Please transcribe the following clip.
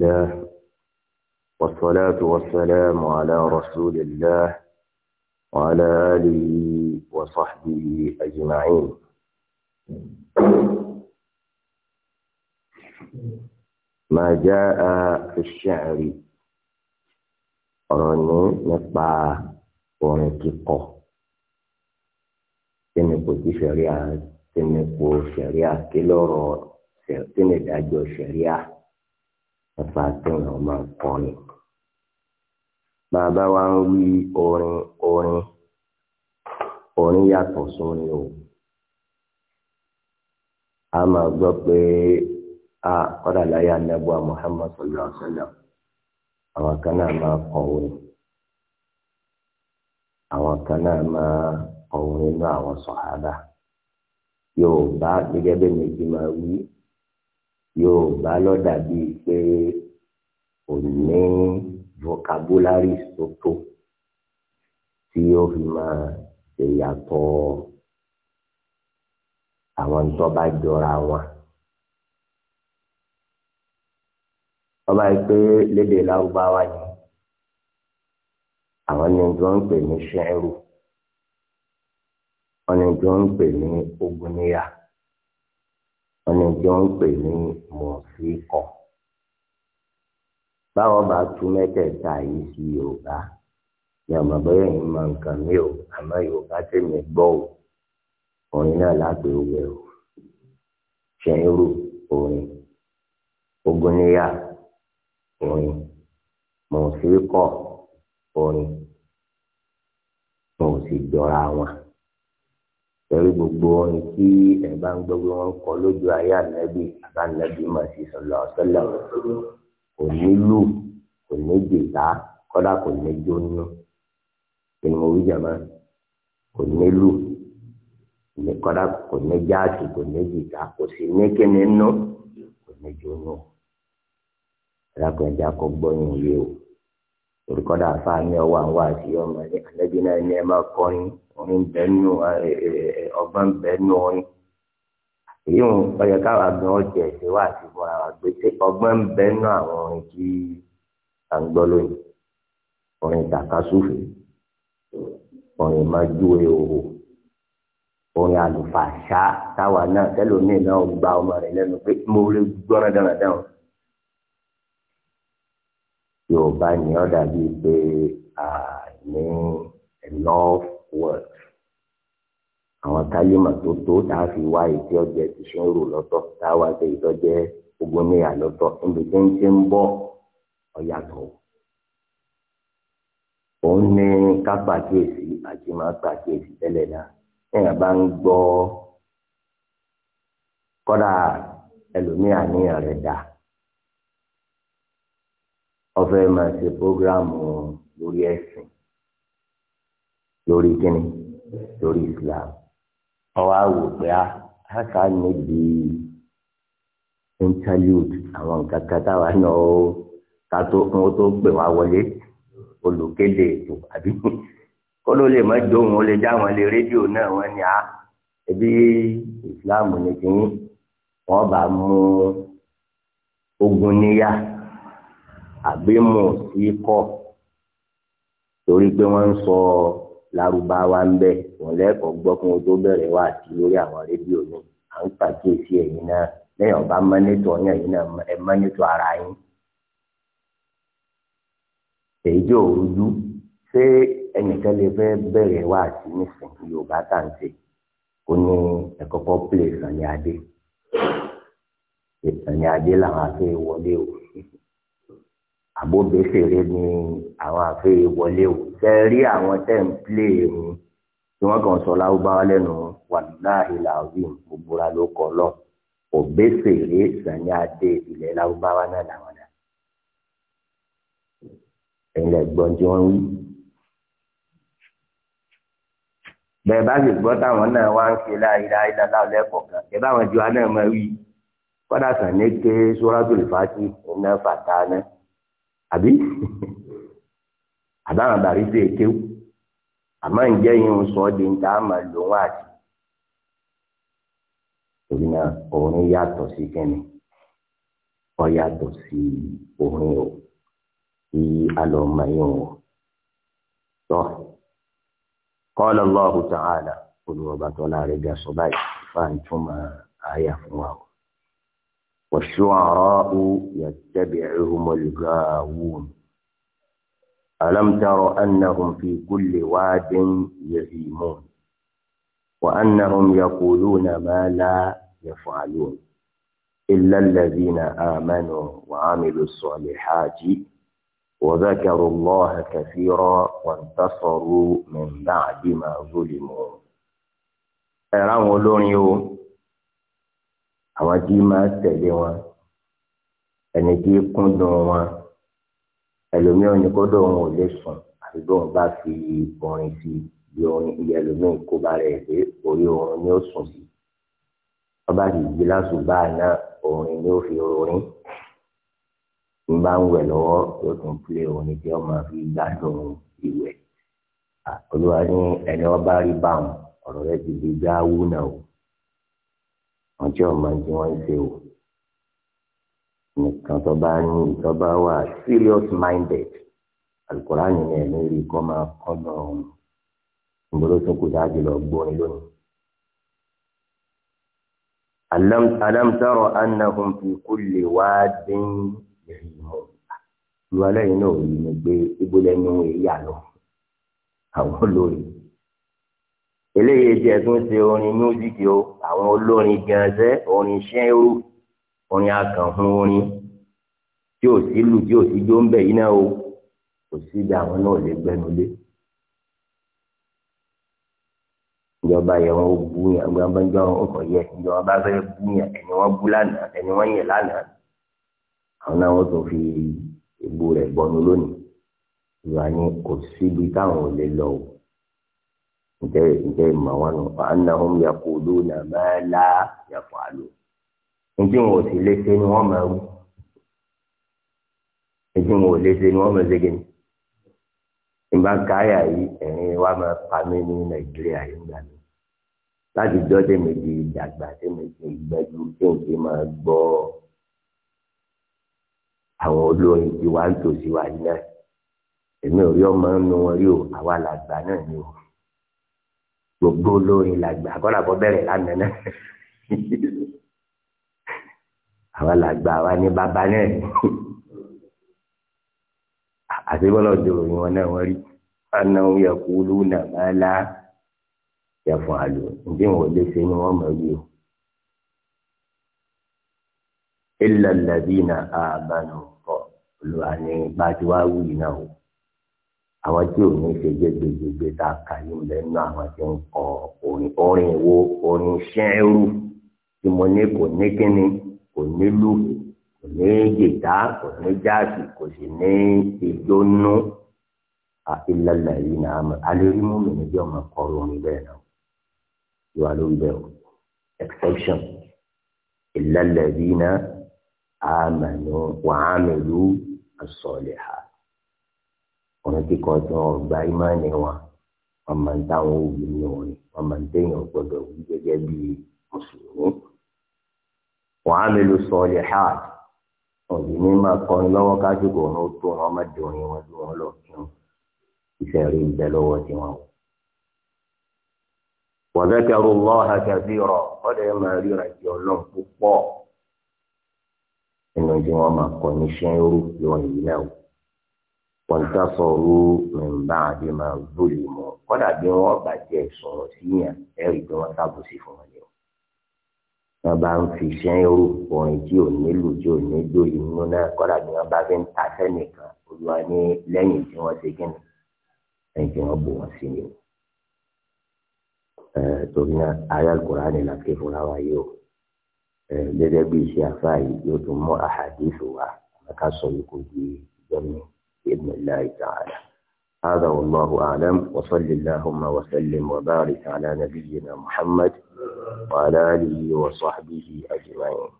الله والصلاة والسلام على رسول الله وعلى آله وصحبه أجمعين ما جاء في الشعر أرني نطبع ونكيقه tẹmẹ kò sí sẹríà tẹmẹ kò sẹríà kí nípa kéèyàn máa ma bàbá wa ń wí orin orin orin yàtọ̀ sórin o a máa gbọ́ pé a kọ́dà láyé anábọ́à Muhammad sallallahu alaihi wa sallam àwọn kan náà máa kọ orin àwọn kan náà máa kọ orin náà àwọn sọ̀hádà yóò bá gẹ́gẹ́ yorùbá ló dàbí pé kò ní vocabulary tó tó tí ó fi máa ṣèyàtọ̀ àwọn tó bá jọra wọn. ọba yìí pé lédè lárúbáwá ni àwọn ni wọ́n ń pè ní ṣẹ́rù wọ́n ni wọ́n ń pè ní ogunniya wọn ni jọ ń pè ní mọ̀síkọ̀ báwọn bá tú mẹ́tẹ̀ẹ̀ta yìí sí yorùbá ni àmọ́ bẹ́ẹ̀ yìí máa ń kàn mí o àmọ́ yorùbá tèmi gbọ́ o orin náà lápè wẹ̀ o ṣẹ́yìnrú orin ogunléyà orin mọ̀síkọ̀ orin wọn ò jọra wọn torí gbogbo ohun tí ẹ bá ń gbọ́ pé wọ́n kọ lójú ayé ànábì àbánábì mà sí sọ̀lọ̀ ọ̀sọ́lọ̀ kò nílò kò ní jìtá kọ́dà kò ní jóná inú orí jàmá kò nílò kọ́dà kò ní jáàsì kò ní jìtá kò sí ní kíni nú kò ní jóná ẹ̀rọ kan kọ́ gbọ́ yín yé o orúkọ́dà àfààní ọwọ́ àwọn àti ọmọ ní àlẹ́bí náà ní ẹ máa kọrin orin bẹ́ẹ̀nù ọgbọ́n bẹ́ẹ̀nù orin èyí ń ọyọ káwa gan ọjẹ ṣe wá àti fúnra wa gbèsè ọgbọ́n bẹ́ẹ̀nù àwọn orin tí à ń gbọ́ lónìí orin tàkásùfè orin májúwe òwò orin àlùfàṣà táwa náà tẹ́lómi náà gba ọmọ rẹ̀ lẹ́nu pé mo rí gbọ́nà dáradára yorùbá ni ó dàbí pé àní enough word àwọn kálímà tó tó tá a fi wá ìdí ọjẹ ti ṣe ń tá a wá ṣe ìdọjẹ ogun ní àlọ́tọ̀ níbi tí ń ti ń bọ̀ ọyàtọ̀ òun ní ká pàkíyèsí àti máa pàkíyèsí tẹ́lẹ̀ náà èèyàn bá ń gbọ́ kódà ẹlòmíà ní ẹrẹ dáa ọfẹ máa ṣe programu lórí ẹsìn lórí kíni lórí islam ọwọ àwò pé a káàkiri níbi interlude àwọn nǹkan kan táwa náà ó ká tó kún ó tó gbè wá wọlé olùkéde ètò àbí kó ló lè má dóhùn ó lè dá wọn lé rédíò náà wọn ah, ni a ebi islam ní kíní wọn bá mú ogun níyà àbí mùsíkọ torí pé wọ́n ń sọ lárúbáwá ń bẹ̀ wọ́n lẹ́kọ̀ọ́ gbọ́ fún ojú bẹ̀rẹ̀ wá àti lórí àwọn rédíò ní à ń pàkíyèsí ẹ̀yin náà lẹ́yìn ọba mọ́nítọ̀ yẹn ẹ̀yin náà ẹ mọ́nítọ̀ ara yín. èyí tí ò rújú ṣé ẹnìkan lè fẹ́ bẹ̀rẹ̀ wá àti nísìnyí yorùbá tàǹtì ó ní ẹ̀kọ́kọ́ pílẹ̀ sànyàdé sànyàdé làwọn afẹ́ wọlé o àbóbéfèrè ni àwọn àfẹ́yẹ wọlé o ṣe rí àwọn tẹ́ ń plé mu tí wọ́n kàn sọ láwùbáwá lẹ́nu wàláhì làwìn gbogbo ló kọ́ lọ òbéfèrè sani adé ilẹ̀ láwùbáwá náà làwọn náà ẹ̀yin lẹ́gbọ́n tí wọ́n wí. bẹ́ẹ̀ bá sì gbọ́ táwọn náà wá ń ṣe láìláì dáadáa lẹ́kọ̀ọ́ kan ẹ̀ báwọn ju aná máa wí kọ́dà sàn ní ké sóràtúlù fàájì iná fàtà náà. àbí àbáwọn barista èkéwù àmọ́ ǹjẹ́ yìí ń sọ di nta àmà lòun àti torí náà orin yàtọ̀ sí kẹ́ni ọ yàtọ̀ sí orin o kí a lọ mọ yín o tọ́ qala Allahu ta'ala olùwọ́bàtọ́ àyà والشعراء يتبعهم الغاوون ألم تر أنهم في كل واد يهيمون وأنهم يقولون ما لا يفعلون إلا الذين آمنوا وعملوا الصالحات وذكروا الله كثيرا وانتصروا من بعد ما ظلموا. أرام لونيو àwọn tí máa tẹ̀lé wọn ẹni tí kún dùn wọn ẹlòmíràn ní kó dùn òun ò lè sùn àti bí òun bá fi orin sí bí orin iye ẹlòmíràn kó bá rẹ̀ dé orí oorun ni ó sùn sí ọba sì jí lásùbà náà orin ni ó fi rorin ń bá ń wẹ̀ lọ́wọ́ yóò tún pílé orin tí wọ́n máa fi gbádùn ìwẹ̀ olúwa ní ẹni ọba rí báwọn ọ̀rọ̀ rẹ ti di gbáwú náà wọn tí ọmọ tí wọn ń ṣe o nìkan tó bá ní tó bá wà serious minded alukoran ni ẹ lórí kọ́ máa kọ́ lọ ìgboro tó kù dájú lọ gbóni lónìí. alam tara fi kulli wadin yahimun lu alẹ́ yìí náà rí i pé ibùdó ẹni wọn yà lọ àwọn olórí eléyìí jẹ tó ń ṣe orin míúsíkì o àwọn olórin gẹ̀ẹ́sẹ́ orin ṣẹ́rù orin akànfún orin tí ò sí lù tí ò sí jó ń bẹ̀ yín náà o kò síbi àwọn náà lè gbẹnu lé. ìjọba yẹn wọn bú yẹn gbọ́n jọ ọkọ̀ yẹ ìjọba bá fẹ́ bú yẹn ẹni wọ́n bú lánàá ẹni wọ́n yẹ lánàá àwọn náà wọ́n tún fi ìbú rẹ̀ bọnu lónìí ìwà ni kò síbi táwọn ò lè lọ o ǹjẹ́ ǹjẹ́ ìmọ̀ wọn nù fa annahum yaquluna ma la yaf'alun ǹjẹ́ wọn ò sì léṣe ni wọ́n máa wí ǹjẹ́ wọn ò léṣe ni wọ́n máa ṣe gẹ́ni ìgbà káyà yìí ẹ̀rín wa máa pa mí nàìjíríà yìí ńgbà mi láti jọ́ tèmẹ̀dì ìdàgbà tèmẹ̀dì ìgbẹ́jú kéǹké máa gbọ́ àwọn olórin tiwa ń tòsí wa yìí náà èmi ò rí ọmọ nínú wọn rí o àwa làgbà náà ni o gbogbo olórin làgbà kọ́ làbọ̀ bẹ̀rẹ̀ lánàá náà àwa làgbà àwa ní bàbá náà àti bọ́lá òjòrò yìí wọn náà wọ́n rí ọ̀nà òun yẹ kó lù nà má la yẹ fún àlò ǹjẹ́ wọn lè ṣe ni wọ́n mọ̀ wí o. illa alladhina amanu kọ́ olùwà ní bá àwọn tí ò ní ṣe gbégbégbé tá a kà yín lẹ nínú àwọn tí ń kọ orin orin wo orin ṣẹ́rù tí mo ní kò ní kíni kò nílù kò ní gìtá kò ní jáàsì kò sì ní ìjónú ilẹ̀lẹ̀ yìí nà á mọ̀ alérí mú mi níbi ọmọ kọrọ orin bẹ́ẹ̀ náà yóò wá lórí bẹ́ẹ̀ o exception ilẹ̀lẹ̀ yìí nà á mọ̀ ní wàá mẹ́lú. ọ̀nà tí kan tí wọn gba ìmáàní wọn wọn máa ń táwọn òbí ní orin wọn máa ń téèyàn wí gẹ́gẹ́ bí mùsùlùmí. wọ́n á mélòó sọ ha òbí ní máa kọrin lọ́wọ́ kásìkò tó wọn má dùnrin wọn wọ́n lọ wọ̀ntàfọ̀rù mẹ́mbà àdé máa gbòòlì mọ́ kọ́dà bí wọ́n bàjẹ́ sọ̀rọ̀ síyàn ẹ̀rí pé wọ́n sábòsí fún wọn lẹ́wọ̀n. wọ́n bá ń fi sẹ́yìnrù orin tí ò nílò tí ò nílò inú náà kọ́dà bí wọ́n bá fi ń ta sẹ́nìkan olúwa ní lẹ́yìn tí wọ́n ṣe kíni lẹ́yìn tí wọ́n bò wọ́n sí ni. torí náà ayé kura ni làkè fúnra wa yìí o gẹ́gẹ́ bí iṣẹ́ afáàyè yóò wa àmọ́ ká sọ بإذن الله تعالى هذا والله أعلم وصل اللهم وسلم وبارك على نبينا محمد وعلى آله وصحبه أجمعين